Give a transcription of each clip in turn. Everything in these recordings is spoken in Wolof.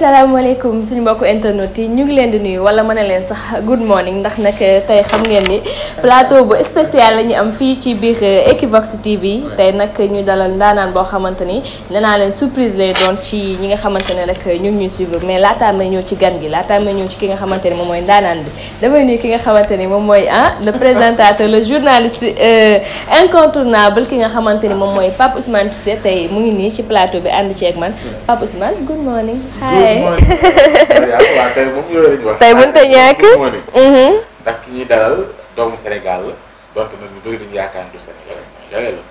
asalaamaaleykum suñu mbokku internet yi ñu ngi leen di nuyu wala mën na leen sax good morning ndax nag eh, tey xam ngeen ni plateau bu spécial la ñu am fii ci biir eh, Equivox TV tey nag ñu dalal ndaanaan boo xamante ni nee naa leen surprise lay doon ci ñi nga xamante ne rek ñu ngi ñuy suivre mais laataa may ñëw ci gan gi laataa may ñëw ci ki nga xamante ni moom mooy ndaanaan bi damay nuyu ki nga xamante ni moom mooy ah le présentateur le journaliste eh, incontournable ki nga xamante ni moom mooy Pape Ousmane Cissé tey mu ngi nii ci plateau bi ànd ceeg man Pape Ousmane good waaw tey moom yooyu ñu wax. a ñàkk dalal doomu Sénégal la donc nag ñu bëri dañu yaakaar du Sénégal Sénégalais la.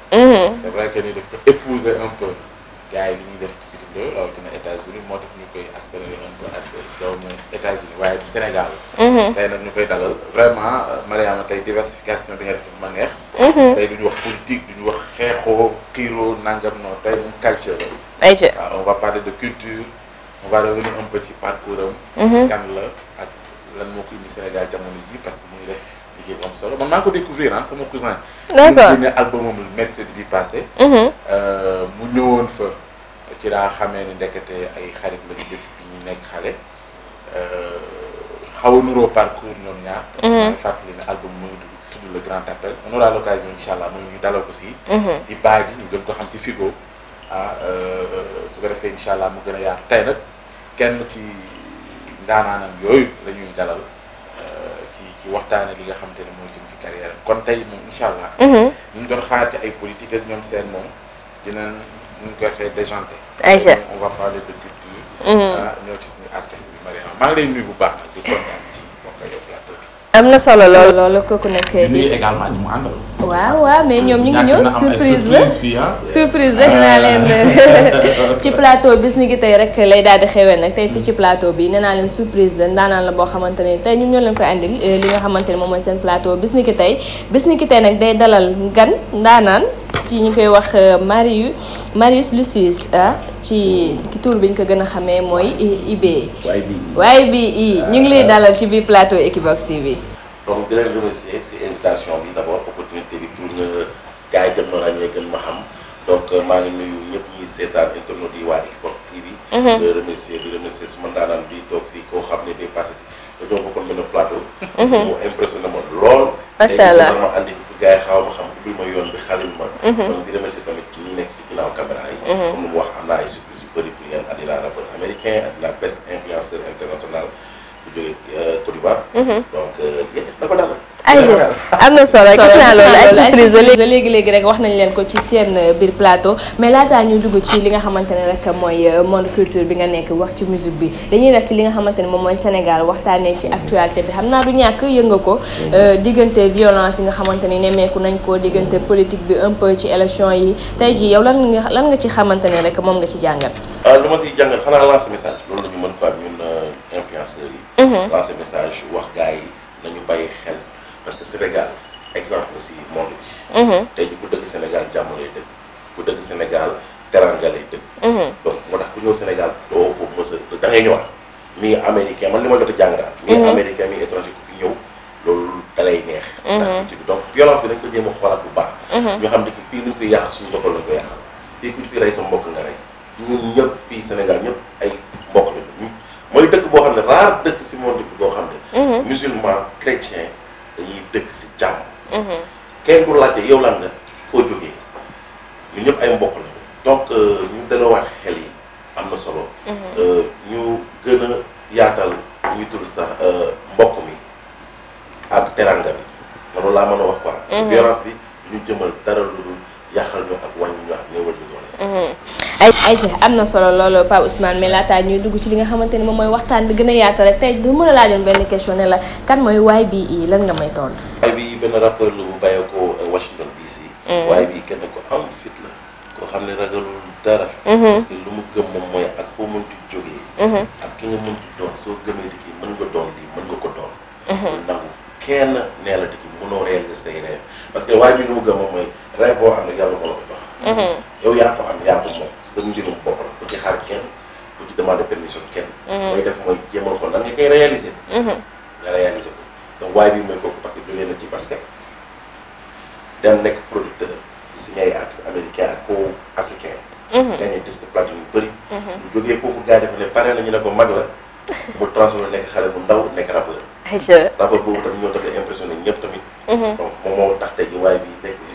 c'est vrai que ni dafa épouser un moo tax ñu koy aspiré un peu ak doomu États-Unis waaye du Sénégal la. tey nag ñu koy dalal vraiment Mariama tey diversification bi nga def ma neex. tey du ñu wax politique du ñu wax xeexoo xiiroo nangam noo tey moom culture la. on va parler de culture. on va revenir un peu ci parcours am. Mhm. kan la ak lan moo ko indi Sénégal jamono ji parce que mu ngi liggéey bu am solo man maa ko découvrir ah sama cousin. d' accord mu albumam lu mercredi bi passé. Mhm. Euh, mu ñëwoon fa ci laa xamee ni ndekete ay xarit lañu dëkk nekk xale. Euh, xaw a nuroo parcours ñoom ñaar. parce que ñu mhm. fàttali ne album mu ngi tudd grand appel on aura l' occasion incha allah moom ñu ko fii. di baaji ñu gën ko xam ci Figo. ah euh, euh, su ko defee incha allah mu gën a yaatu tey nag kenn ci ndaanaanam yooyu dañuy ñuy dalal euh, ci ci waxtaane li nga xamante ne mu jëm ci carrière am kon tey moom incha allah. Mhm. ñu doon xaar ci ay politique ak ñoom seen moom dina mu koy waxee déjanté. ayca on va parler de mhm. ah, ngi lay nuyu bu baax nag di kontaan ci mbokk yow am na solo lool loolu kooku nekk. di nuyu également ñi mu àndal. waaw waaw mais ñoom ñu ngi ñëw surprise la surprise ah. la dinaa leen ci plateau bis ni gi tey rek lay daal di xewee nag tey fii ci plateau bi nee naa leen surprise la ndaanaan la boo xamante ne tey ñu ñoo leen koy andil eh, li nga xamante ne moom mooy seen plateau bis ni ki tey bis ni ki tey nag day dalal gan ndaanaan ci ñu koy wax eh, Marius Marius Lucius ah, ci tur bi ñu ko gën a xamee mooy IBE waaye bi i e. e. ñu ngi lay ah. dalal ci biir plateau Equivox TV donc bi communauté bi pour nga gars gën ma ràññee gën ma xam donc euh, maa ngi nuyu ñëpp ñuy seetaan internet yi waa Equivox TV. Mhm. di remercier di remercier su ma daanaan bi toog fii koo xam ne day passé dañoo bokkoon benn plateau. mu mhm. impressionné ma lool. macha allah ma andi mhm. ay surprise yu bëri pour ngeen andi américain ak best influenceur international. ku euh, mhm. euh, am na solo gis naa loolu la léegi léegi rek wax nañ leen ko ci seen euh, biir plateau mais laataa ñu dugg ci li nga xamante ne rek mooy monde culture bi nga nekk wax ci musique bi dañuy des ci li nga xamante ne moom mooy Sénégal waxtaanee ci actualité bi xam naa du ñàkk yënga ko mhm. diggante violence yi nga xamante ni nemmeeku nañ ko diggante mhm. politique bi un peu ci élection yi tey jii yow lan nga lan nga ci xamante ne rek moom nga ci jàngal. Ah, lu ma siy jàngal xanaa lancer message lancer mhm. message wax gars yi nañu bàyyi xel parce que Sénégal exemple si monde bi. tey jii ku dëkk Sénégal jàmm lay dëkk ku dëkk Sénégal teranga lay dëkk. Mhm. donc moo tax ku ñëw Sénégal doo fa mës a da ngay ñëwaat mii américain man li ma jot a jàng daal. mii mhm. américain mii étranger ku fi ñëw loolu dalay neex. donc violence bi nañ ko jéem a xoolaat bu baax. ñu xam ne fii lu ñu yàq suñu boppam lañ ko yàqal fii ku ñu rey sa mbokk nga rey ñun ñëpp fii Sénégal ñëpp. rare dëkk si monde bi boo xam ne. Mhm. musulman chrétien dañuy dëkk si jàmm. Mhm. kenn ku laajte yow lan nga foo jógee ñu ñëpp ay mbokk la donc euh, ñu dalawaat xel yi am na solo. Mhm. Euh, ñu gën a yaatal ñu tudd sax euh, mbokk mi ak teranga bi man loolu laa mën a wax quoi. violence bi ñu jëmal dara lu dul yàqal ñu ak wàññi ñu ak néewal ñu doole. ay Aïcha am na solo loolu Pape Ousmane mais laataa ñuy dugg ci li nga xamante ne moom mooy waxtaan bi gën a yaata rek tey dama la laajoon benn question ne kan mooy YBE lan nga may tontu. YBE benn rappeur la bu ko euh, mm. e kenn ko am fit la koo xam ne ragalul mm-hmm. lu mu gëm moom mooy ak foo mm-hmm. mm-hmm. parce que YBE lu mu gëm moom mooy rêve boo xam ne yàlla moo la ko jox. yow yaa ko am yaa ko moom. sa musulman boppam bu ci xaar kenn bu ci demandé permission kenn. Mhm. mooy def mooy jéemal ko nan nga koy réaliser. Mhm. nga réaliser ko donc waaye bi mooy kooku parce que jógee na ci basket dem nekk producteur signé ay artiste américain ak mhm. ko africain. gagné nekk xale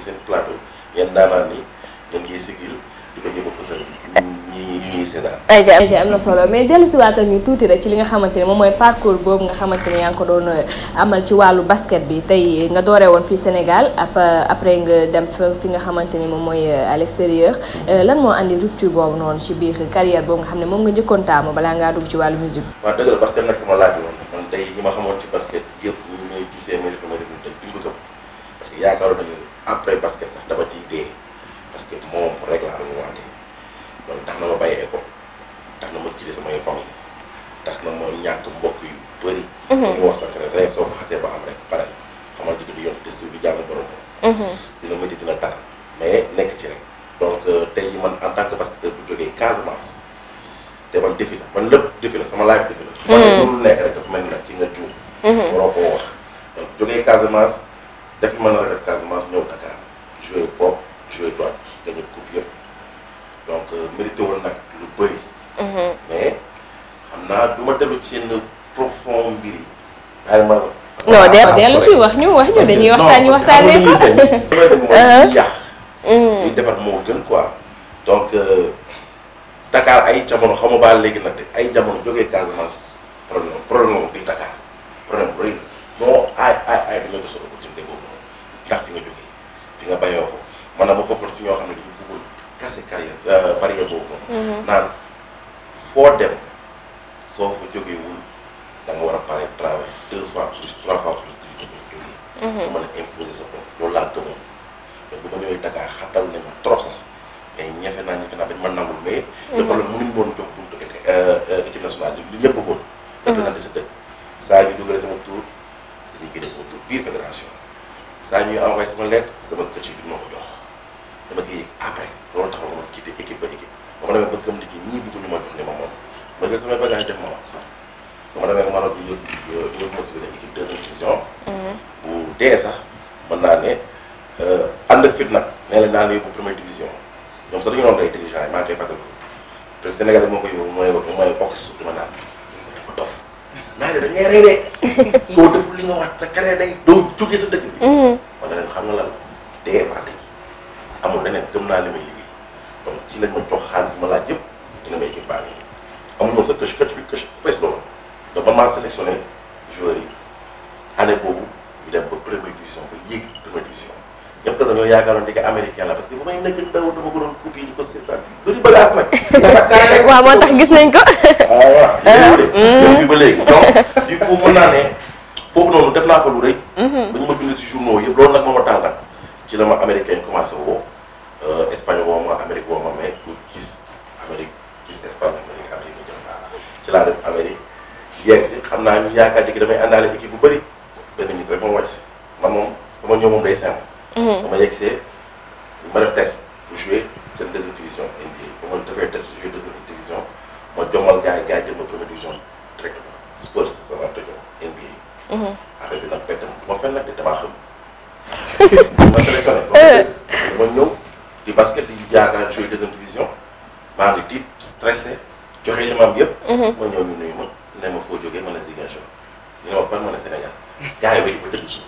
seen plateau yéen daanaan ni ngeen ngi sigil. ko mm. jéem am na solo mais dellu si waatal ñu tuuti rek ci li nga xamante ne moom mooy parcours boobu nga xamante ne yaa ngi ko doon euh, amal ci wàllu basket bi tey nga dooree woon fii Sénégal euh, après nga dem fi nga xamante ni moom mooy euh, à l'extérieur lan moo andi rupture boobu noonu ci biir carrière boobu nga xam ne moom nga njëkkoon taamu balaa ngaa dugg ci wàllu musique waaw dëgg la basket nag sama laaj woon tey ñi ma xamoon ci basket yëpp suñu après basket sax dama ciy parce que moom rek laa doon waatee loolu tax na ma bàyyi école tax na ma jëlee samay famille tax na ma ñàkk mbokk yu bëri. Mhm. li ma wax sànq rek rêve soo ko xasee ba am rek pare xamal di ko di yomb te si du jaamu borom mhm. dina métti dina tar donc euh, jógee Casamance te man defi la man lépp defi la sama live defi la. Mhm. rek. naa du ma dellu ci seen profond mbir yi. de dellu si wax ñu wax ñu dañuy waxtaan ñu waxtaanee ko. mooy uh-huh. yàq. Mm. defar moo gën ko donc euh, dakaar ay jamono xamu ba léegi nag de ay jamono jógee Casamance problème problème moom biir Dakar problème bu rëy moo aay aay aay dañoo gis opportunité boobu noonu ndax fi nga jógee fi nga bayoo ko maanaam ba bokkoon si ñoo xam ne dañu bëggoon casser carrière euh, barrière boobu noonu. Mm-hmm. naan foo dem. soo fa jógewul da nga war a pare travail deux fois plus trois fois plus que li nga jógee. Mhm. mën a imposer sa bopp loolu laa gëmoon mais bu ma ñëwee Dakar xatal nañ ma trop sax mais ñefe naa ñefe naa dañ ma nangul mais. le mhm. problème mënuñ woon jox buntu euh, équipe nationale li ñëpp bëggoon. Mhm. représenté sa dëkk saa ñu dugalee sama tour dañuy génne sama tour biir fédération saa ñuy envoyé sama lettre sama kër ci duñ ma ko jox dama koy yëg après loolu taxaw na ma quitté équipe ba équipe ba ma demee ba gëm ni ki ñii bëgguñu ma jox li ma moom. ba jël samay bagage def Maroc dama demee Maroc yi ma si benn équipe deuxième division ne ànd la naa ne euh, yóbbu première division ñoom sax dañu doon ay dirigeants yi maa ngi koy fàttaliku te Sénégal moo koy yóbbu mooy mooy okk suuf ne dañuy de soo deful li nga mhm. gëm naa li may liggéey donc ci lañ ma jox xaalis ma laaj yëpp amuñu woon sa coach coach bi coach pes ba woon donc man maa sélectionné joueurs yi année boobu ñu dem ba première division ba yéeg première division ñëpp dañoo yaakaaroon di ko américain la parce que bu may nekk ndaw dama ko doon fukki ñu ko seetaan bëri bagaas nag. waaw moo tax gis nañ ko. waaw waaw léegi ba léegi donc du coup def naa ko lu rëy. Mm-hmm. ba ñu ma bind si journaux yëpp loolu nag moo ma tàngal ci la ma américain commencé woo euh, Espagne woo ma Amérique ci laa dem Amérique yegg xam naa ñu yaakaar dikki damay àndaale équipe bu bëri benn nit rek moom moom sama ñëw moom day simple. dama mhm. yegg see ma def test pour jouer seen deuxième division NBA ma defee test jouer deuxième division ma jomal gars yi gars yi jël ma première division directement Spurs San Antonio NBA. affaire bi nag bett ma du ma nag de damaa xam. ma sélectionné euh. ma mm-hmm. ñëw ñu nuyu ma ne ma foo jógee a ne Ziguinchor ñu ne ma fan ma a Sénégal gars yi wéy ko dëgg suuf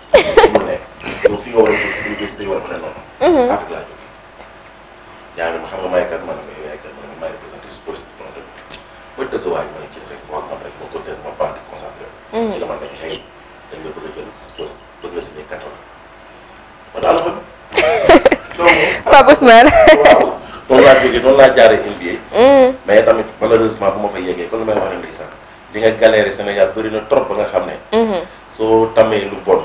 mu nekk yow a jóg fi ñu gis day war mu ne noonu Afrique laa jógee gars yi ma xam nga maay kat ma ne ko yow yaay ma ne maay si police non waaye ma ne ci dafay foog man rek ma conteste ma baax di mm-hmm. la ma ne xëy dañ la bëgg a jël si police bëgg la ma daal la fa donc li nga galéré Sénégal bëri na trop ba nga xam ne. Mhm. soo tamee lu bon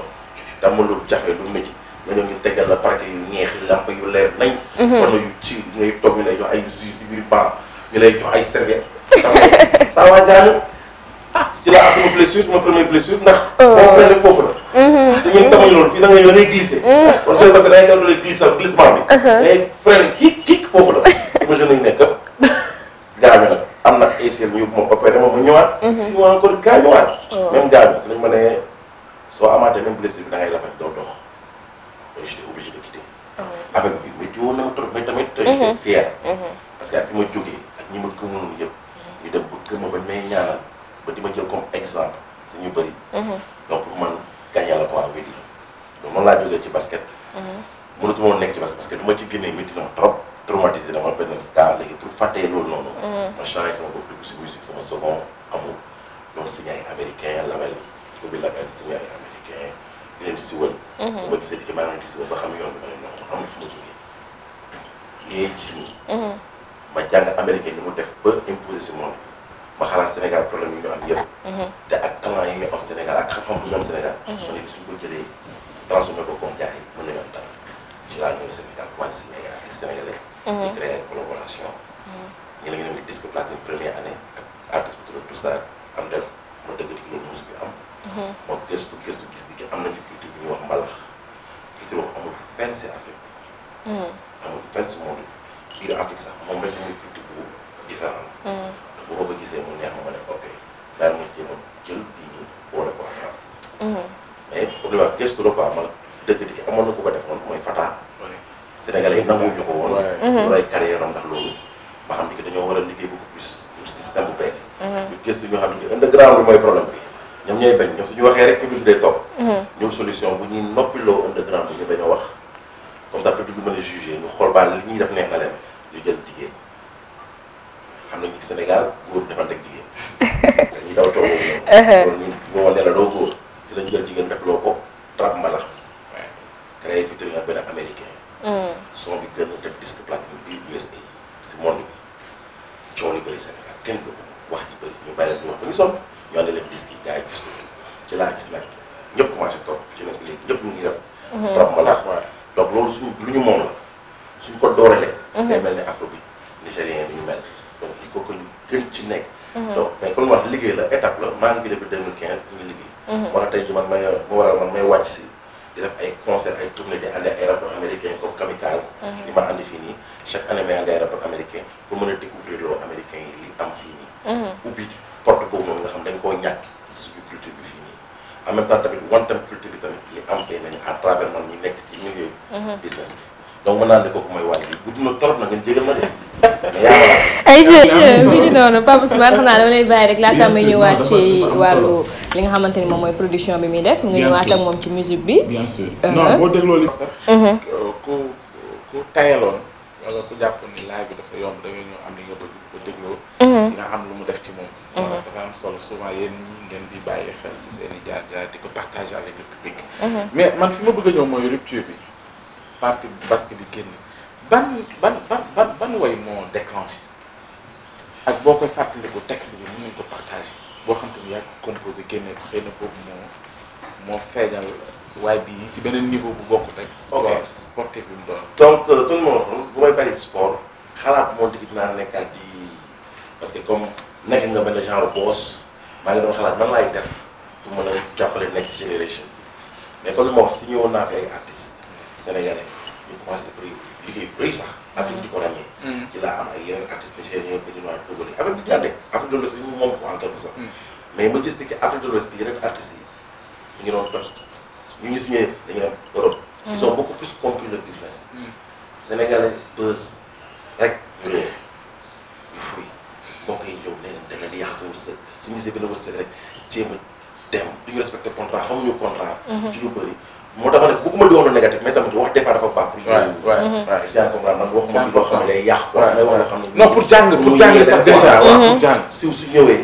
dama lu jafe lu métti nga ñëw ñu tegal la parquet yu ñeex lamp yu leer nañ. wala mhm. yu ci ngay toog ñu jox ay jus si biir jox ay serviette. xam nga ma ah, blessure ma première ndax. Oh. boo fenn foofu la. Mhm. Ah, te ñun da ngay da ngay glissé. kon sooy bassin da ngay calculé glissement bi. Uh-huh. mais foofu la su ma jeune nañu nekk. am na ay séer ñu ma opéré ma mu ñëwaat. Mhm. si ma encore gaañuwaat. Oh. même gaañu si lañ ma ne soo amaatee même blessure bi da ngay a doo dox. donc a obligé de quitter. Oh. affaire mhm. mhm. ba gëm ma ba may ñaanal ba di ma jël comme exemple si ñu bëri. donc man gaañal la quoi wéy di donc noonu laa jógee ci basket. mënatu woon nekk ci basket parce ci génnee métti na ma trop. traumatisé dama benn star léegi pour fàttee loolu noonu. Mm. ma changé sama bopp dugg si musique sama second amour doon signé ay américain label ubbi label signé ay américain di leen siwal. Mm-hmm. bu ma gisee ci maa ngi di siwal ba xam yoon bi ma ne non amul fu ma jógee li ngay gis nii. Mm-hmm. ma jàng américain ni mu def ba imposé si monde ma xalaat Sénégal problème yi ñu am yëpp. Mm-hmm. te ak talent yi ñu am Sénégal ak xam-xam bu ñu am Sénégal. ma ne suñ ko jëlee transformé ko comme gars yi mën nañu am talent ci laa ñëw Sénégal commencé sénégalais. mooy problème bi ñoom ñooy bañ ñoom suñu waxee rek public bi day topp mhm. ñoom solution bu ñuy noppiloo homme de grand bu ñu bañ a wax comme ça public bi mën a jugé ñu xool baal li ñuy def neex na leen ñu jël jigéen xam nañu Sénégal góor defante ak jigéen dañuy daw toog yëpp ñu ngi def. trop mën a donc loolu suñu lu ñu moom la suñ ko dooralee. Mhm. day mel ne afro bi nigérien bi ñu mel donc il faut que ñu gën ci nekk. Mhm. donc mais comme wax liggéey la étape la maa ngi fi depuis 2015 ñu liggéey. Mhm. moo tax tey si di def ay concert ay li ma andi fii nii chaque année may ànd ay rapport américain a découvrir loolu américain yi li am fii nii. ubbi porte boobu bi fii nii en même temps tamit wantam culture bi tamit. employé nañu à travers man ñu nekk ci milieu mhm. business bi donc mën naa ne kooku mooy waay bi gudd na trop na ngeen jégal ma de mais yaa ay jeunes mi ngi noonu Pape Ousmane xanaa dama lay bàyyi rek laata may ñëwaat ci wàllu li nga xamante ni moom mooy production bi muy def nga ñëwaat ak moom ci musique bi bien sûr euh, non boo dégloo li sax mhm. euh, ku ku tayaloon wala ku jàpp ni live bi dafa yomb da ngay ñëw am li nga bëgg ko dégloo mhm. Mm-hmm. nga am lu mu def ci moom. Mm-hmm. moo tax dafa am solo souvent yéen ñi ngeen di bàyyi xel ci seen i jaar di ko partager avec le mm-hmm. mais man fi ma bëgg a ñëw mooy rupture bi parti basket di génn ban ban ban ban ban way moo déclenché boo koy fàttaliku texte bi mën nañ ko partager boo xam te ni yaa ko composé génne ko xëy na boobu moo moo feeñal waaye bii ci beneen niveau bu bokk rek. ok sportif bi mu doon. donc euh, tout le bu may bari sport xalaat moo digg dinaa nekkaat di. parce que comme nekk nga benn genre boss maa ngi doon xalaat nan laay def pour mën a jàppale next generation mais comme li ma wax si ñëwoon naa fi ay artistes sénégalais ñu commencé def liggéey bu sax Afrique di ko mm. ci laa am ay yeneen artistes nigériens béninois togolais bi jàndee Afrique de l'Ouest bi ñu moom ko en quelque sorte mm. mais ma gis de l'Ouest bi yeneen artistes yi mm. business. sénégalais buzz rek ñu réer ñu fuy. kooku yi ñëw nee nañ da nga di yàq sa wërsëg suñu gisee benn wërsëg rek jéem a dem duñu respecté contrat xamuñu contrat. Mhm. ci lu bëri moo tax ma ne bëgguma di wax lu négatif mais tamit wax des fois dafa baax. pour yéen ñi mhm. est-ce que yaa ngi comprendre man waxuma loo xam ne day yàq. waaw waaw wax xam ne. non pour jàng pour jàng sax déjà waaw pour jàng. siw su ñëwee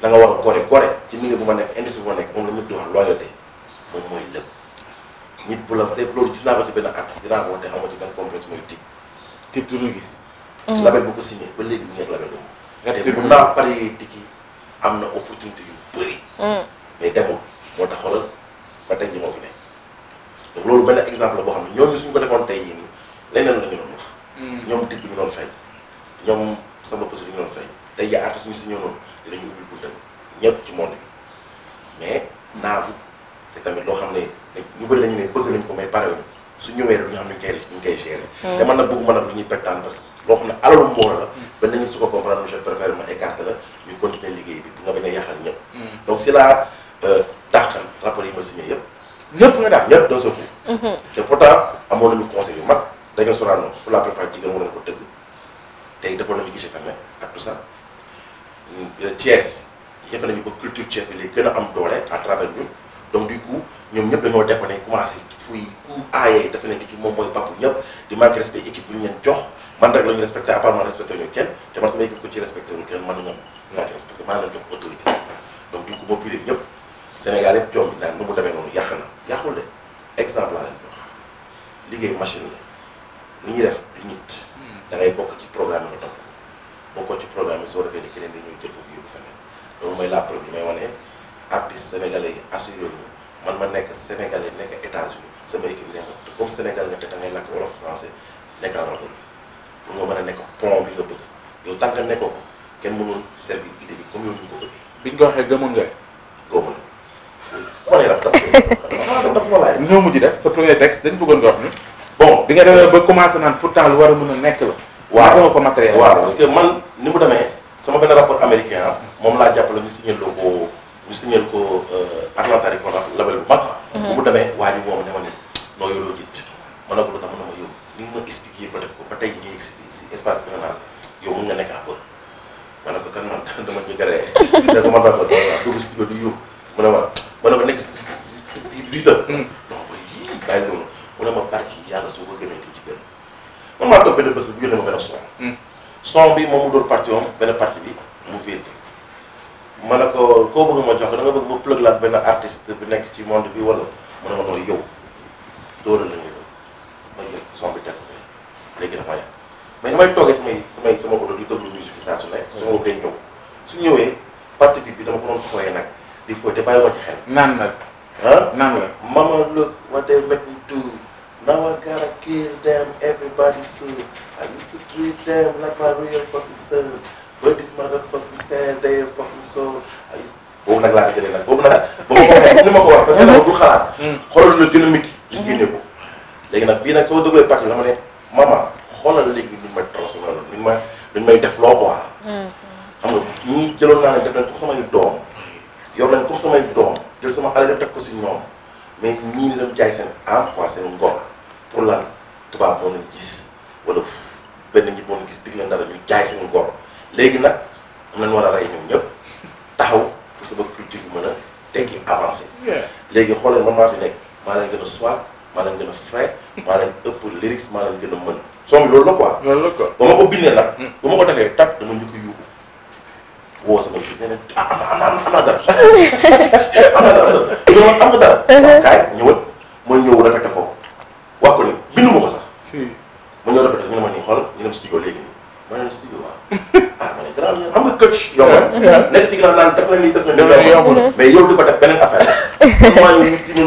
da nga war a gore gore ci milieu bu ma nekk industrie bu ma nekk moom la ñëpp di wax loyauté moom mooy lépp nit bu la te loolu gis naa ko ci benn artiste dinaa ko wax te xamoo ci benn complexe mooy tig tig du ñu gis mhm. label bu ko signé ba léegi mu nekk label boobu nga def te bu naa paree tikki am na opportunité yu bëri. Mm. mais demul moo tax xoolal ba tey jii moo ne nekk donc loolu benn exemple la boo xam ne ñooñu suñ ko defoon tey jii nii leneen la ñu doon mm. ñoom tit bi ñu doon feeñ. ñoom sama bés bu ñu doon feeñ tey jii artiste suñu si ñëwoon dinañu ubbi buntam ñëpp ci monde bi mais bi te tamit loo xam ne ñu bëri lañu ne bëgg nañ ko may pare su ñëwee rek du ñu xam ne ñu ngi koy ñu mm. te man nag bëggu ma nag lu ñuy pertaan boo xam ne alalu mbooloo la ba nañu su ko comprendre monsieur le préfet la ñu continuer liggéey bi nga bañ a yàqal ñëpp mm. donc si laa euh, dàqal rapport yi ma signé yëpp ñëpp nga dàq ñëpp d'un seul coup te pourtant amoon nañu conseil yu mag dañoo Sorano euh, nañu ko culture Thiès bi gën am doole à travers ñun donc du coup ñoom ñëpp dañoo defoon ne commencé fuy ku aayee dafa ne di ki moom mooy bàpp ñëpp di manque respect équipe bi ñu leen jox man rek la ñu respecté à part kenn te man sama équipe ko ci respecté wul kenn man ñoom ñoo ci parce que maa leen jox autorité donc du coup boo vidéo ñëpp Sénégal yëpp joom bi mu demee noonu yàq na yàqul de jox liggéey machine la ñuy def du nit hmm. da bokk ci programme nga topp bokkoo ci programme yi soo defee ni keneen dañuy jël foofu yóbbu feneen loolu mooy la preuve man ma nekk sénégalais nekk États-Unis sama équipe nekk te comme Sénégal nga te da làkk wolof français nekk en rapport ba nga mën a nekk pont bi nga bëgg yow tant que nekkoo ko kenn mënul servir idée bi comme yow duñ ko bëggee. biñ ko waxee gëmoon nga. gëmoon na man itam tam sama laaj. def sa premier texte dañ bëggoon nga wax ni. bon bi nga demee ba commencé naan pourtant lu war a mën a nekk la. waaw waaw ko matériel. waaw parce que man ni mu demee sama benn rapport américain ah moom laa jàppale ñu signalé ko ñu signalé ko euh, Atlantic Records label bu mag. bu mm-hmm. mu demee waa ji créé. ma d' accord dugg si studio di yóbbu mu ne ma ma ne ma nekk si di di hmm. non ba son. Hmm. son bi moom mu dóor partie bi mu féete. ma ko koo bëgg ma jox ko da nga bëgg ma plug laat benn artiste bi nekk ci monde bi wala mu ne ma nooy yow dóoral la ngay doon ma jël son bi teg ko léegi dafa yàq mais damay toogee samay samay sama oto di déglu musique saa su nekk. ñëw. su ñëwee partie bi dama ko doon fooyee nag di fooy te bàyyi ma xel. naan nag. ah naan la. mama look what they make me do now I gotta kill them everybody soon I used to treat them like my real fucking son but this motherfucking son they fucking soul I boobu nag laa jëlee nag boobu nag ba ma ko waxee mm-hmm. mm-hmm. ni a métti. léegi nag bii nag soo déglee partie la ma ne mama xoolal léegi ni ma transformé ni ma ni may def loo quoi. Mm. xam nga ñii jëloon naa leen def leen comme samay doom yor leen comme samay doom jël sama alal dem def ko si ñoom mais ñii ni jaay seen am quoi seen ngor pour lan tubaab moo leen gis wala benn nit moo gis dig leen dara ñu jaay seen ngor léegi nag am nañu war a rey ñoom ñëpp taxaw pour sama culture bi mën a tekki avancé léegi xool leen maa fi nekk maa leen gën a soir maa leen gën a frais maa leen ëpp lyrics maa leen gën a mën son bi loolu la quoi loolu la quoi ba ko bindee mm. ba ma woo sama kii nee na ah am na am naa dara am naa dara ñëwal am nga dara. Uh-huh. kaay ñëwal ma ñëw répété ko wax ko ni bindu ma ko sax. ma ñëw répété ñu ne ma nii xool ñu dem studio léegi nii ma ne studio waaw ah ma ne gannaaw ñu xam nga coach yomb uh-huh. nekk ci gannaaw naan na lii def na lii mais yow di ko def beneen affaire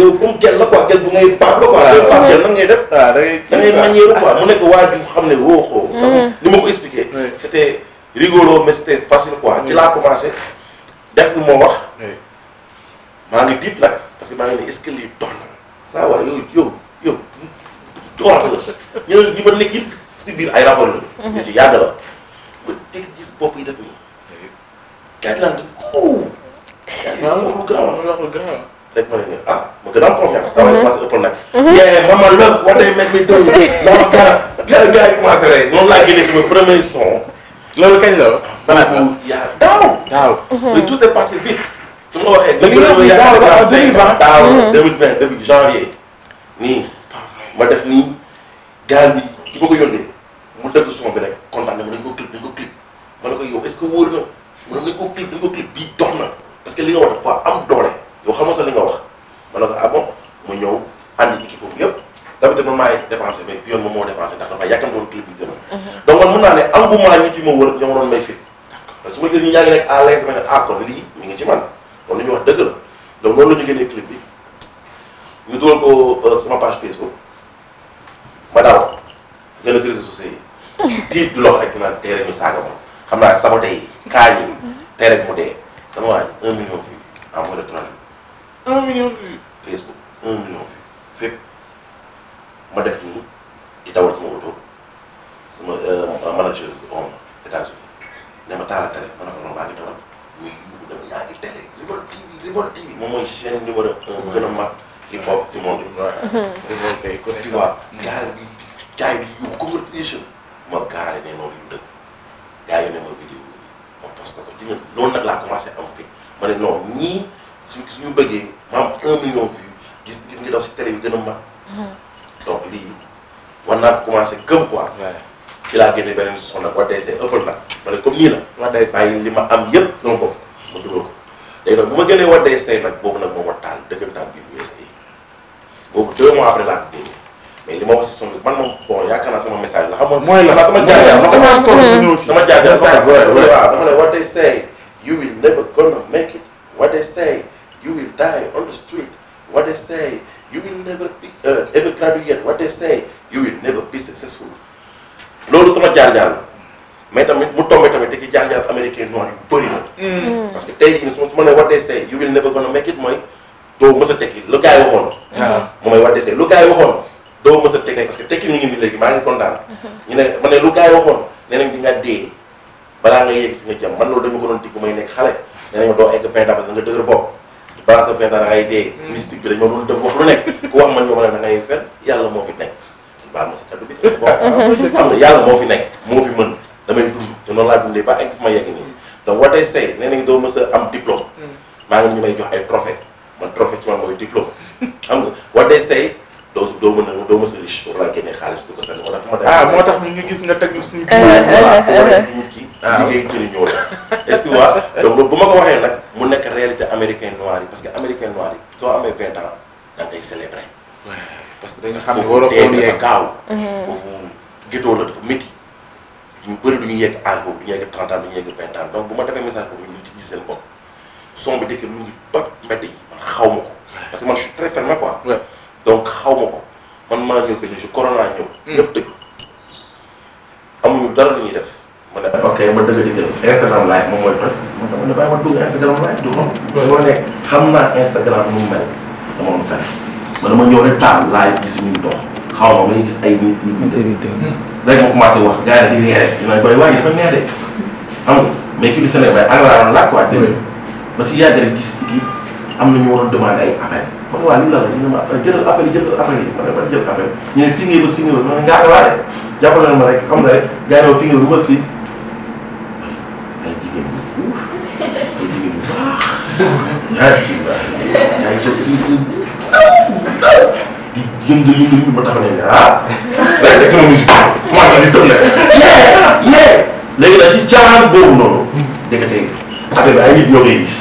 yow comme kenn la quoi kenn bu ngay baax la quoi. waaw kenn nan ngay def. da ngay da ngay manière mu nekk waa ji xam ne woo xoo. Mm-hmm. ni ma ko expliqué. c' était rigolo mais c' était facile quoi. ci laa commencé def lu moo wax. maa ngi diit nag parce que maa ngi ne est ce dox na saa waay yow yow yow doxal la ñu ne ñu si biir ay rapport la. ñu mm-hmm. ci yàgg la ba teg gis bopp yi def nii. gàddu naa ne kooku. gàddu rek ma ne ah ma gën a am confiance. Mhm. dama commencé ëppal nag. mais mhm. maman look what they make me do dama gara gara gars yi commencé rek noonu laa génnee sama premier son. loolu kañ la la. balaa yaa daaw. daaw. Mhm. mais tout est passé vite. su ma waxee. da nga daaw daaw 2020 daaw 2020 début janvier. nii ma def nii gaal bi ki ma ko yónnee mu dëgg son bi rek kontaan na ma nañ ko clip nañ ko clip ma ne ko yow est-ce que wóor na mu ne nañ ko clip nañ ko clip bii dox na parce que li nga wax dafa am doole. xamoo sax li nga wax ah mu ñëw ànd ci kii boobu yëpp d'habitude man maay dépensé mais bi yoon moom moo dépensé ndax dafa yàkkam doon clip bi gën mhm. donc man mën naa ne engouement yi ma wër ñoo su ma gis ñu ñaa nekk à l'aise ma ne ah lii mi ngi ci man kon lu ñu wax dëgg la donc loolu la ñu génnee clip bi ñu dugal ko euh, sama page Facebook ma daaw jël si réseaux sociaux yi tiit du loxo rek naan tey mhm. mu dee sama waa un million fii en moins de trois jours un million de Facebook un million de vues ma def nii i dawal sama oto sama euh, manager om États-Unis ne ma taal a télé ma ne ko noonu maa ngi dawal muy yóbbu dama yaa ngi télé Rivol TV Rivol TV moom mooy chaîne numéro un bu gën a mag hip hop si monde bi. Rivol mhm. kay ko tu vois gars yi gars yi yóbbu ma gaare ne noonu yu dëgg gars ne ma vidéo bi ma poste ko ci noonu nag laa commencé am fi ma ne non ñii. suñ suñu bëggee ma am un million vues gis nit ñi dox si télé yu gën a mag mm-hmm. donc lii war naa commencé gëm quoi ci laa génne beneen son nag wax de see ëppal nag ma comme nii la wax day bàyyi li ma am yëpp sama bopp ma dugal ko léegi nag bu ma génnee wax de say nag boobu nag moom ma taal dëggantaan biir USA boobu deux mois après laa ko génnee mais li ma wax si son bi man moom bon yaakaar naa sama message la xam nga mooy la sama jaajaa sama jaajaa sama waaw dama ne what they say you will never gonna make it what You will die on the street. Uh, what they say, you will never be, successful. loolu sama jaar-jaar la mais tamit mu tombé tamit dëkk jaar-jaar américain noir yu bëri na. Mm. parce que tey jii nii su ma nee what they say, you will never gonna make it mooy doo mës a tekki lu gaa yi waxoon. waaw ah. moom mooy what they say lu gars yi waxoon doo mës a tekki parce que ñu ngi nii léegi maa ngi kontaan. Mm-hmm. ñu ne ma ne lu gars yi waxoon nee di nga dee balaa nga yegg fi nga jëm man loolu ko doon digg may nekk xale nee nañ ma doo balaa soo koy da dee. mystique bi dañ ma doon dem wax lu nekk ku wax man ñu ma ne da fen yàlla moo fi nekk baal ma moo fi nekk moo fi mën damay dund te noonu laa dundee ba egg fu ma yegg nii donc what I say nee doo mës a am diplôme maa ngi ñu may jox ay prophète man prophète ci man mooy diplôme xam nga what I say doo doo mën doo mës a riche war laa ko sànni wala fu ma ah liggéey ci li ñuul est donc loolu bu ma ko waxee nag mu nekk réalité américain noir yi parce que américain noir yi soo amee vingt ans da ngay célébrer. waaw parce que dañu xam ne gaaw. Mhm. foofu ghetto la dafa métti. ñu bëri du ñu yegg âge boobu du ñu yegg trente ans du ñu yegg vingt ans donc bu ma defee message boobu ñu ngi ci seen bopp. son bi dëkk mu ngi toj mbedd yi man xaw ma ko. parce que man très fermé quoi. donc xaw ma ko man maa ñëw benn corona ñëw. Mm. ñëpp tëju lu ñuy mu ne ok ma dëgg di gërëm Instagram live moom mooy toj man dama ne bàyyi ma dugg Instagram live du ko. loolu moo nekk xam naa Instagram nu mu mel dama am fenn man dama ñëw rek taal live gis ñu dox xaw ma may gis ay nit yi. nit rek hmm. ma commencé wax gars yi di reere dinañ koy waaye dafa neex de xam nga mais kii bi Sénégal ak laa la quoi déwén ba si yàgg rek gis kii am na ñu waroon demandé ay appel man waa lii la la ñu ne ma jëlal appel yi jëlal appel yi ma ne ma jël appel ñu ne fii ngay bës fii ngay bës ma ne ngaa ko waale jàppale ma rek xam nga rek gars yi ma fii ngay bës fii ci baax yaa ngi soog di yëngal mu ba taxaw ne ah. léegi nag sama musique commencé di dox nag. léegi daal ci caaxaan boobu noonu. dégg nga tey affaire bi ay nit ñoo koy gis.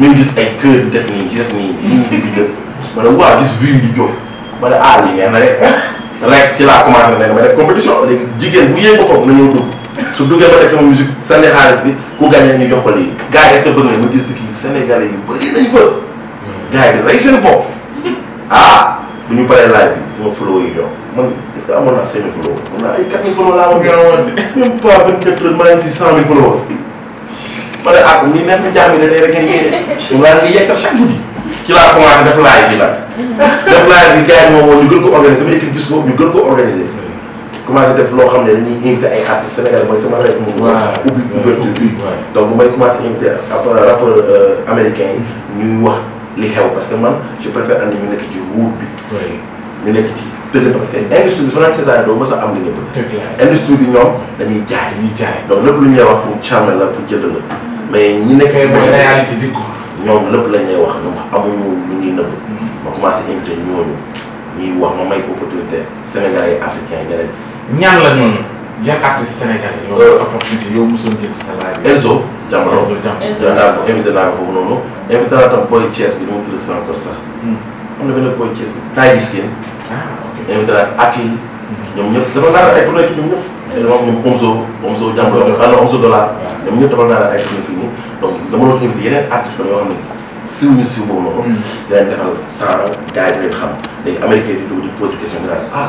ñu gis ay kër di def nii di def nii. nit ñi di bind. ma ne waa gis vues di jóg. ma ne lii neex na rek. rek ci laa commencé ne ma def compétition léegi jigéen bu yee boppam na ñëw dugg. su duggee ba teg sama musique sànni xaalis bi ku gagné ñu jox ko lii gars yi est ce que bëgg nga gis ni kii Sénégalais yu bëri nañ fa. gars yi di rey seen bopp. ah bu ñu paree live bi sama follow yi yokk man est ce que amoon naa seen i follow. mun naa ay 4000 follow laa moom yoon même pas 24 heures maa ngi si 100000 follow. ma ne ah nii neex na jaam yi da ngay rek ngeen génne. ñu naan nga laa commencé def live bi nag. Mm. def live bi gars yi ko organiser sama équipe gis ko ñu gën ko commencé def loo xam ne dañuy invité ay artistes Sénégal mooy sama rêve moom. Euh, ñuy wax li xew parce que man je préfère andi ñu nekk ci route bi. ñu nekk ci dëgg parce que industrie bi soo naan seetaan doo mës a am li nga bëgg. bi ñoom dañuy jaay. dañuy jaay lépp lu ñuy wax pour càmm la pour jënd la. mais ñoom lépp lañ lay wax ñoom lu ñuy nëbb. Mm-hmm. ma commencé invité ñooñu ñuy wax ma may opportunité Sénégalais africains ñeneen. ñan la ñooñu yan artistes sénégalais yow loolu opportunité yow mosoon jël ci sa laaj bi. Enzo jamono Enzo jamono invité naa ko foofu noonu. invité naa tam boy Thiès bi nu mu tudd Sankor sax. Hmm. am na benn boy Thiès bi Taï Gisken. ah ok invité naa ko Aki. ñoom ñëpp dafa naan ay tournée ci ñoom ñëpp. dafa am ñoom Omzo Omzo Jambaloo ah non Omzo Dollar. ñoom ñëpp dafa naan ay tournée fii nii donc dama doon invité yeneen artistes yoo xam ne siw ñu siw boobu noonu. Hmm. dinañ defal temps gars yi dinañ xam léegi américain yi di dugg di poser question bi naan ah.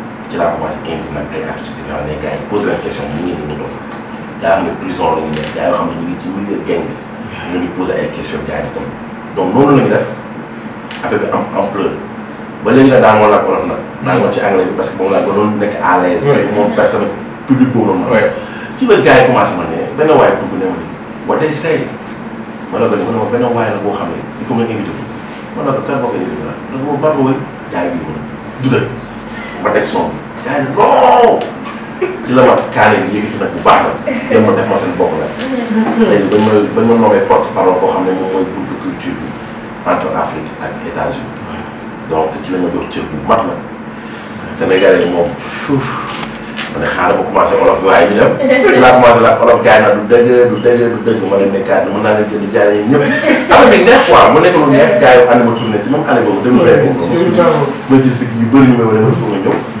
ci laa commencé indi nag ay artistes yi nga xam ne gars yi posé nañ question ñu ngi nii ñu doon prison la ñu nekk yaa xam ne ñu ngi ci milieu gang bi. ñu ngi posé ay questions gars yi tamit donc noonu la ñu def affaire bi am ampleur ba léegi nag daan woon laa ko def ci anglais bi parce que nekk à l'aise. te moom la gars yi commencé ma ne benn waay dugg ne ma nii boo day seey ma ne ko nii ma ne ma benn waay la boo xam ne il faut nga invité ko ma ne ko kan moo koy invité la donc boobu baax na woon gars gaa yi non oh! ci la ma kaane bi yëkkati nag bu baax la dem ma def ma seen bopp nag. léegi bañ ma bañ ma nommé porte parole boo xam ne moom mooy buntu culture bi entre Afrique ak États-Unis ci ma jox cër bu mat nag Sénégalais moom fuuf ma ne xaaral ma commencé olof bi waaye ñu dem. ma leen nekkaat mën naa leen jënd jaay yi na neex quoi mu nekk lu neex gars yi yu bëri ñu may wane ma foog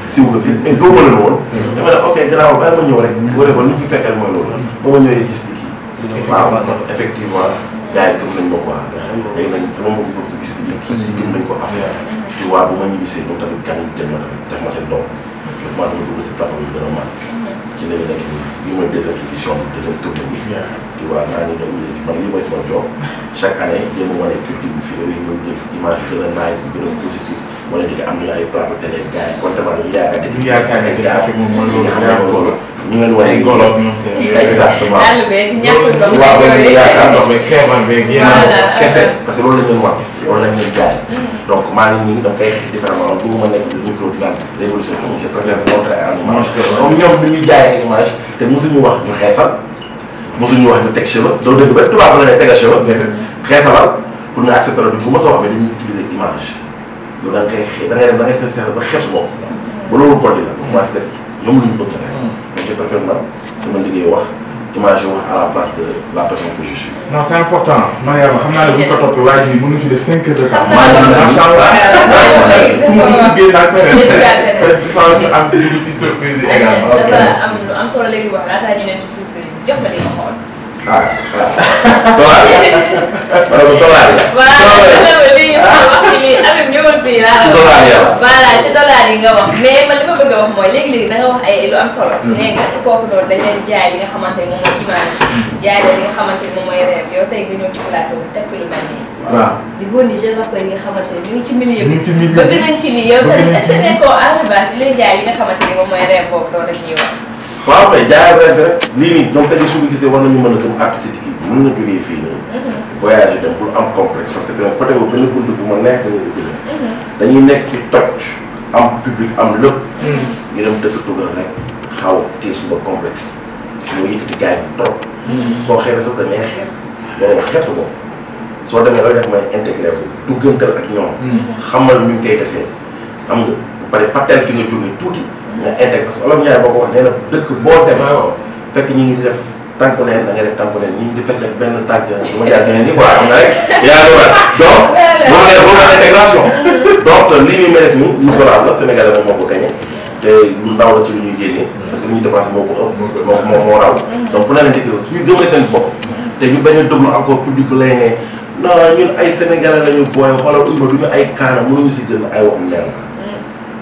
siw nga fi mais doo mënul woon. Mm-hmm. dama ne ok gannaaw bàyyi ma ñëw rek. bu ko defoon li ñu fi fekkee mooy loolu. ba ma ñëwee gis ni kii. waaw effectivement gars yi gëm nañ ma quoi. léegi nag sama mbokku mbokku gis ni kii gëm nañ ko affaire bi. Mm-hmm. waaw bu ma ñibbisee ñoom tamit gaañ jël ma tamit def ma seen doom. donc maa ngi dugg si plateforme bi gën a màgg. Mm-hmm. ci la ñu nekk nii bii mooy deuxième édition bi deuxième tournée bi. tu vois naa ne ñoom man lii mooy sama job chaque année jéem a wane culture bi fii la ñuy ñëw jël image gën a nice gën a positif wala di nga am ay plateau télé gars yi contraband yi yaakaar nañu. yaakaar nañu gars yi moom mooy loolu ñu ngi leen wane ay góor ak ñoom seen. exactement daal beeg ñàkk doom waaw loolu yaakaar ndox beeg feebar beeg yeneen kese parce que loolu la ñu leen wax loolu la ñu leen jaay mm-hmm. donc maa ngi nii dama koy xeex différemment bu ma nekk le micro bi naan révolution je préfère montrer en image comme ñoom bi ñuy jaayee image te mosuñu wax ñu xeesal mosuñu wax ñu teg cheveux doo dëgg ba tubaab la ne teg a cheveux xeesalal pour ñu accepter du bu ma soo waxee dañuy utiliser image yow da nga koy xeeb da ngay dem da ngay seet seet ba xeeb sa bopp ba loolu koddi la ba commencé def yomb lu ñu bëgg a def. mais je préfère man sama liggéey wax image wax à la place de la personne que je suis. non c' est important. man yàlla xam naa ne bu ñu ko topp waa ji mën na ci def cinq heures de temps. macha allah fu mu duggee daal ñu am ci surprise yi également. am solo léegi wax laataa ñu ne ci surprise jox ma li ma xool. ah Tola bi ma ne ko Tola bi. voilà ci dollar yi nga wax mais man li ma bëgg a wax mooy léegi-léegi da nga wax ay lu am solo. nee nga foofu noonu dañ leen jaay li nga xamante ne moom mooy image. jaay la li nga xamante ne moom mooy rêve yow tey nga ñëw ci plateau bi teg fi lu mel nii. waaw di góor ñi jeunes rappeurs yi nga xamante ne ñu ngi ci milieu bi. bëgg nañ ci lii yow tamit est-ce que nekkoo en revanche di leen jaay li nga xamante ne moom mooy rêve boobu loolu la ñuy wax. waaw kay jaayal rek rek lii nii ñoom tamit su ko gisee war nañu mën a dem artistique bi mën na jógee fii nii. Mhm. voyage dem pour am complexe parce que tamit côté bu ma neex mhm. dañuy nekk fi toj am public am lépp. Mhm. ñu dem dëkk tugal rek xaw tey soo xeebee sax dañuy xeeb dem xeeb soo demee looy def may intégré ko duggantal ak ñoom. xamal ñu ngi defee xam nga bu pare fàttali fi nga jógee tuuti. nga index wala ñaar boo ko wax nee dëkk boo dem. fekk ñu ngi di def tànku neen da ngay def tànku neen ñu ngi di fekk benn tànk bu ma jaay ni quoi am na rek. yaa ngi donc moom la moom la intégration. donc li ñuy mel ni lu ko laal la Sénégal nag moo ko gañe te ndaw la ci lu ñuy génnee. Mm. parce que li ñuy dépensé moo moo raw. Mm. donc bu la leen dikkee su ñu gëmee seen bopp. Mm. te ñu bañ a déglu encore public bi lay ne non ñun ay sénégalais lañu booy xoolal ulma ay kaana ay wax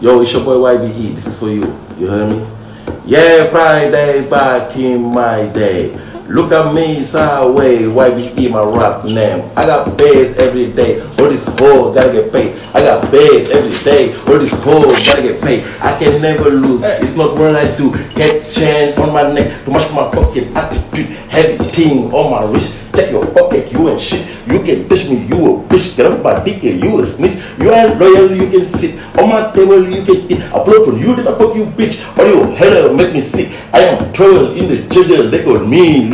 Yo, it's your boy YBE. This is for you. You hear me? Yeah, Friday back in my day. Look at me sideways while you eat my rap name. I got beds every day. All this whole gotta get paid. I got beds every day. All this whole gotta get paid. I can never lose. It's not what I do. Get chains on my neck. Too much my pocket attitude. Heavy thing on my wrist. Check your pocket, you and shit. You can bitch me, you a bitch. Get off my dick, you a snitch. You ain't loyal, you can sit. On my table, you can eat. I blow for you, then I fuck you, bitch. All you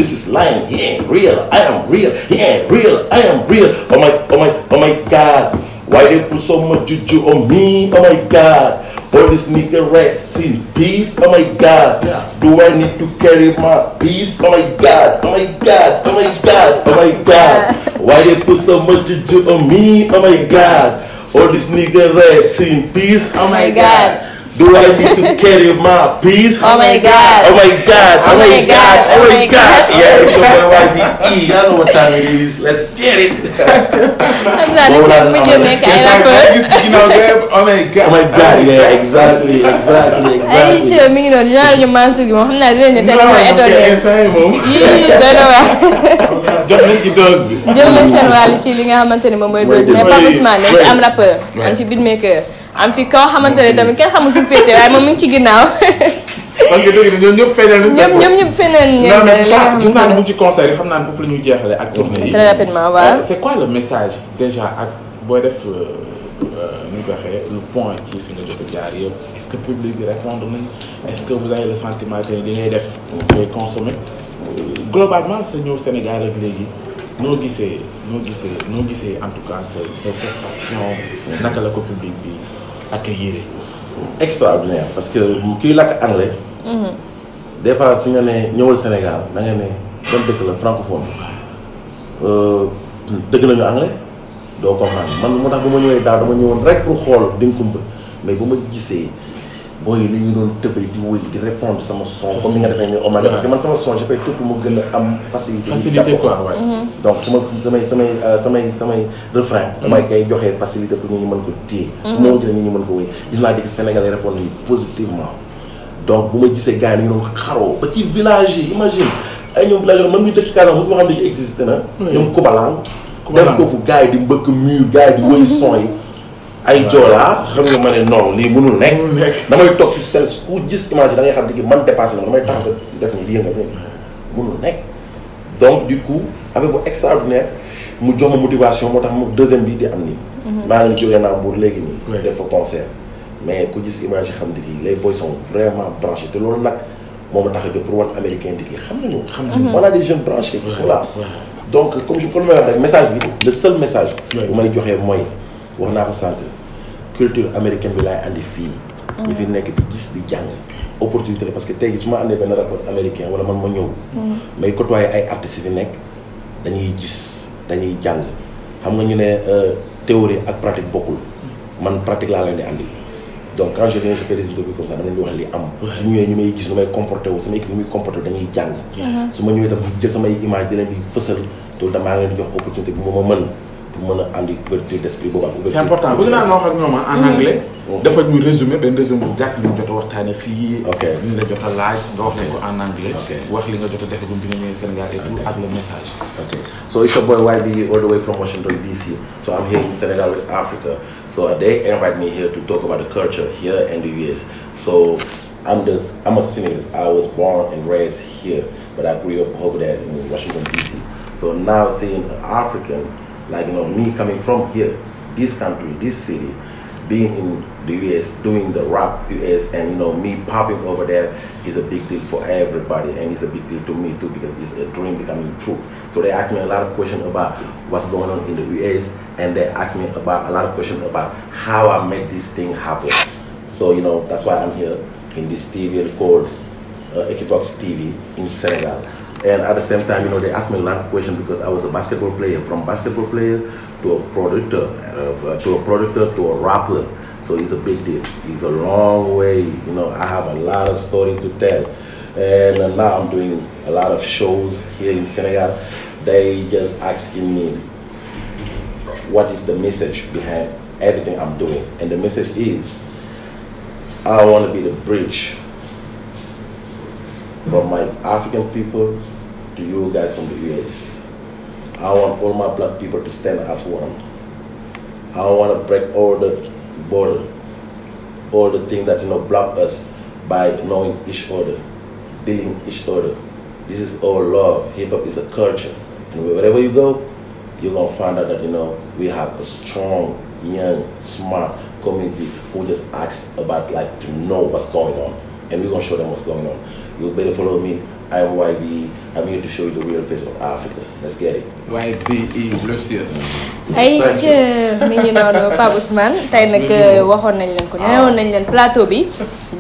This is lying. He ain't real. I am real. He ain't oh oh oh my, God. Why they put so much juju on me? Oh my God. All this nigga rest in peace. Oh my God. Do I need to carry my peace? Oh my my God. Oh my God. Why they put so much juju on me? Oh my God. All this nigga rest in peace. Oh my God. Do I need to carry my peas? Oh my god. Oh my god. Oh my god. Oh my god. Yeah, it's your boy YBE. I know what time it is. Let's get it. I'm not a video maker. I love it. Oh my god. Oh my god. Yeah, exactly. Exactly. Exactly. Ay, mi ngi noonu genre ñu Mansour gi moom xam naa dinañu télé moom étonné. Yii, doy na waa. Jot nañ ci dose bi. Jël nañ seen wàll ci li nga xamante ni moom mooy dose mais Pape Ousmane dañ fi am rappeur, am fi beatmaker. am fi koo xamante ne tamit kenn xamul fu mu féete waaye moom mi ngi ci ginnaaw. parce que dëgg na ñoom ñëpp feeñal nañu. ñoom ñoom ñëpp feeñal nañu. non mais sax gis naa ne bu ci conseil yi xam naa ne foofu la ñuy jeexalee ak tournée yi. très rapidement waaw. Euh, c' est quoi le message déjà ak booy def euh, euh, nu ñu ko waxee le point ci fi nga jot a jaar yëpp est ce que public bi répondre nañu est ce que vous avez le sentiment que li ngay def ngay consommer globalement sa ñëw Sénégal ak léegi. noo gisee noo gisee noo gisee en tout cas sa sa prestation naka la ko public bi. ak accueillir. extraordinaire parce que kii làkk anglais. Mhm. des fois su ñu ñëwal Sénégal da nga ne ban dëkk la francophone euh, dëgg la ñu anglais doo comprendre man moo tax bu ma ñëwee daaw dama ñëwoon rek pour xool di nga kumba bu ma gisee. booy yi ñu doon tëbëy di wëy di répondre sama son. comme ni nga defee nii Omar parce que man sama son dafay tëb mu gën a sama mm-hmm. samay samay euh, samay samay refrain. Mm-hmm. damay koy joxe facilité pour ñu mën ko téye. Mm-hmm. pour mu mën ñu mën ko wéy gis naa dégg Sénégalais répondre bu ma gisee gars yi dañu doon xaroo ba ci village yi imagine ay ñoom village yi man mii dëkk Casamance mosuma xam ne existé na. ñoom Koubalang. Koubalang dem ko fu gars di mbëkk mur gars yi di wëy son yi. ay joolaa xam nga ma ne non lii mënul nekk. damay toog si sel ku gis image da ngay xam ne man dépassé na damay tax def ni lii nga ne mënul nekk. donc du coup avec bu extraordinaire mu jox ma motivation moo tax mu deuxième bi di am nii. Mhm. maa ngi leen jógee naa Mbour léegi nii. def fa concert. mais ku gis image xam ne kii les boys sont vraiment branchés te loolu nag moo ma tax a jóg pour wan américain di kii xam nañu. xam mhm. nañu voilà des jeunes branchés qui message bi le seul message. bu may joxee mooy. wax naa ko sànq culture américaine bi laay andi fii. ñu fi nekk bi gis di jàng. opportunité parce que tey su ma àndee benn rapport américain wala man ma ñëw. Mm. may côtoyer ay artistes fi nekk dañuy gis dañuy jàng xam nga ñu ne euh, théorie ak pratique bokkul man pratique laa leen di andi. donc quand je comme ça dama di wax li am. su ñëwee ñu may gis nu may comporté wu sama équipe nu muy comporté dañuy jàng. Uh-huh. su ma ñëwee tam jël samay image di leen di fësal te maa ngi leen di jox opportunité bi mu pour mën a andi ouverture d'esprit boobu am. c'est important bëgg naa nga wax ak ñoom ah, en mhm. anglais. Mhm. dafa ñu résumé benn résumé bu gàtt li ñu jot a waxtaanee fii. ok li ñu la jot a laaj nga wax leen ko en anglais. wax li nga jot a defee bi nga ñëwee Sénégal et tout ak le message. ok so it's your boy YD all the way from Washington DC so I'm here in Senegal West Africa so they invite me here to talk about the culture here in the US so I'm the I'm a Senegalese I was born and raised here but I grew up over there in Washington DC so now seeing an African. Like, you know, me coming from here, this country, this city, being in the US, doing the rap US, and you know, me popping over there is a big deal for everybody, and it's a big deal to me too because it's a dream becoming true. So they asked me a lot of questions about what's going on in the US, and they asked me about a lot of questions about how I made this thing happen. So you know, that's why I'm here in this TV called uh, Equivox TV in Senegal. And at the same time, you know, they asked me a lot of questions because I was a basketball player, from basketball player to a producer, uh, to a producer to a rapper. So it's a big deal. It's a long way. You know, I have a lot of story to tell. And uh, now I'm doing a lot of shows here in Senegal. They just asking me what is the message behind everything I'm doing. And the message is I want to be the bridge from my African people to you guys from the US. I want all my black people to stand as one. I want to break all the border, all the things that you know block us by knowing each other, dealing each other. This is all love. Hip hop is a culture, and wherever you go, you're gonna find out that you know we have a strong, young, smart community who just asks about like to know what's going on, and we're gonna show them what's going on. You better follow me IYB, I'm here to ay ca mi ngi noonu Pape Ousmane tey nag waxoon nañ leen ko neewoon nañ leen plateau bi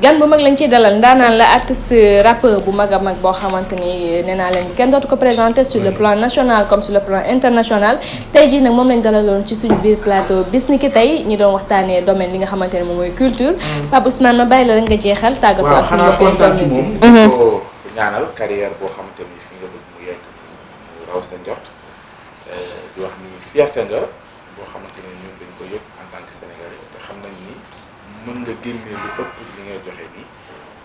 gan bu mag lañ ci dalal ndaanaan la artiste rappeur bu mag a mag boo xamante ni nee naa leen kenn dootu ko présenté sur le plan national comme sur le plan international tey jii nag moom lañ dalaloon ci suñu biir plateau bis ni ki tey ñi doon waxtaanee domaine li nga xamante ne moom mooy culture mm. Pape Ousmane ma bàyyi la rek nga jeexal tàggatoo ak suñu mbokk yi ñaanal carrière boo xamante ni fi nga bëgg mu yegg mu raw sa njort euh, di wax ni fierté nga boo xamante ni ñun dañ ko yëg en tant que sénégalais te xam nañ ni mën nga génnee lu ëpp li ngay joxe nii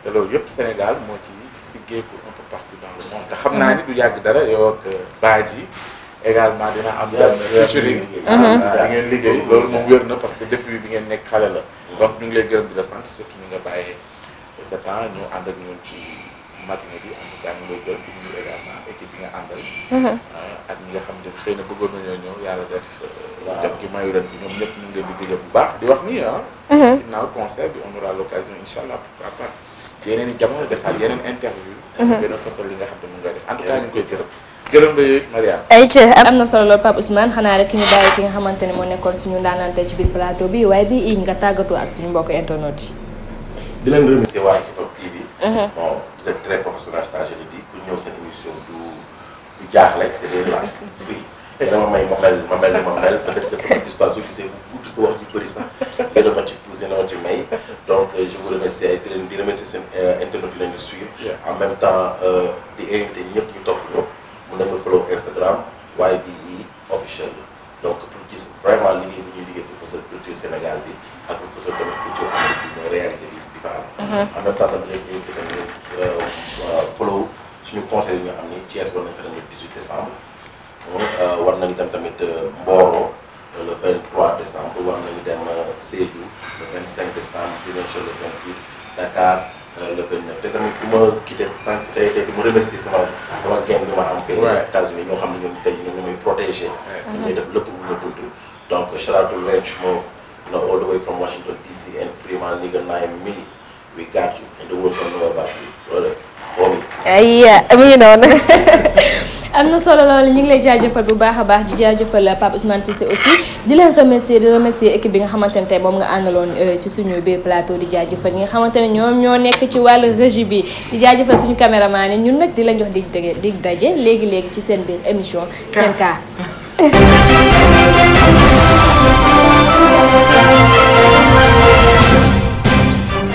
te yëpp Sénégal moo ci siggee pour un peu partout dans te xam naa ni du yàgg dara yow ak euh, Badji également dina am benn featuring mm-hmm. di ngeen liggéey loolu moom wér na parce que depuis bi ngeen nekk xale la donc ñu ngi lay gërëm di la sant surtout ñu nga bàyyee sa temps ñu ànd ak ñun ci matinée bi en bi mhm. euh, nga xam ne xëy na bëggoon nañoo ñëw yàlla def. Euh, waaw jot gi mayu ren bi ñoom bu baax di wax nii ah. ginnaaw mhm. concert bi on aura l'occasion incha allah pourquoi yeneen i jamono defaat mhm. a fasal li nga xam ne mu ngi koy def en tout cas ñu ngi am na solo lool Pape Ousmane xanaa rek ki ñu bàyyi ki nga xamante ne moo nekkoon suñu ndaanante ci biir plateau bi waaye bi i nga tàggatoo ak suñu mbokk internet yi. di leen très très professionnel ça je le dis ku ñëw seen émission du du jaaxle te dama may ma mel ma mel ni ma mel peut-être que sama histoire gisee bu gudd sa wax ju bëri sax nga dama ci poussé na ma may euh, seen euh, internautes en même temps euh, di invité ñëpp ñu topp ñu mun nañu follow Instagram YBE officiel donc pour gis vraiment liggéey bi ñuy liggéey pour fësal culture Sénégal bi ak pour fësal tamit culture Amérique bi mooy réalité bi di fa am. Mm-hmm. en même temps tamit ñu conseil yi nga xam ni Thiès war na fa euh, dem euh, euh, le 18 décembre war nañu dem tamit Mboro le 23 décembre war nañu dem Sédhiou le 25 décembre Ziguinchor le 28 Dakar le 29 tamit du ma quitté tant que tey tey du ma remercier sama sama game bi ma am fii États-Unis ñoo xam ne ñoom tey ñoom ñooy protégé ñooy def lépp lu ma dund donc shout out to Ranch all the way from Washington DC and Freeman nigga nine million we got you and the world don't know you brother ay mu ngi noonu am na solo loolu ñu ngi lay jaajëfal bu baax a baax di jaajëfal Pape Ousmane Cissé aussi di leen remercier di remercier équipe bi nga xamante ne moom nga àndaloon euh, ci suñu biir plateau di jaajëfal ñi nga xamante ne ñoom ñoo nekk ci wàllu régi bi di jaajëfal suñu caméraman yi ñun nag di la jox di daje dig daje léegi léegi ci seen biir émission seen cas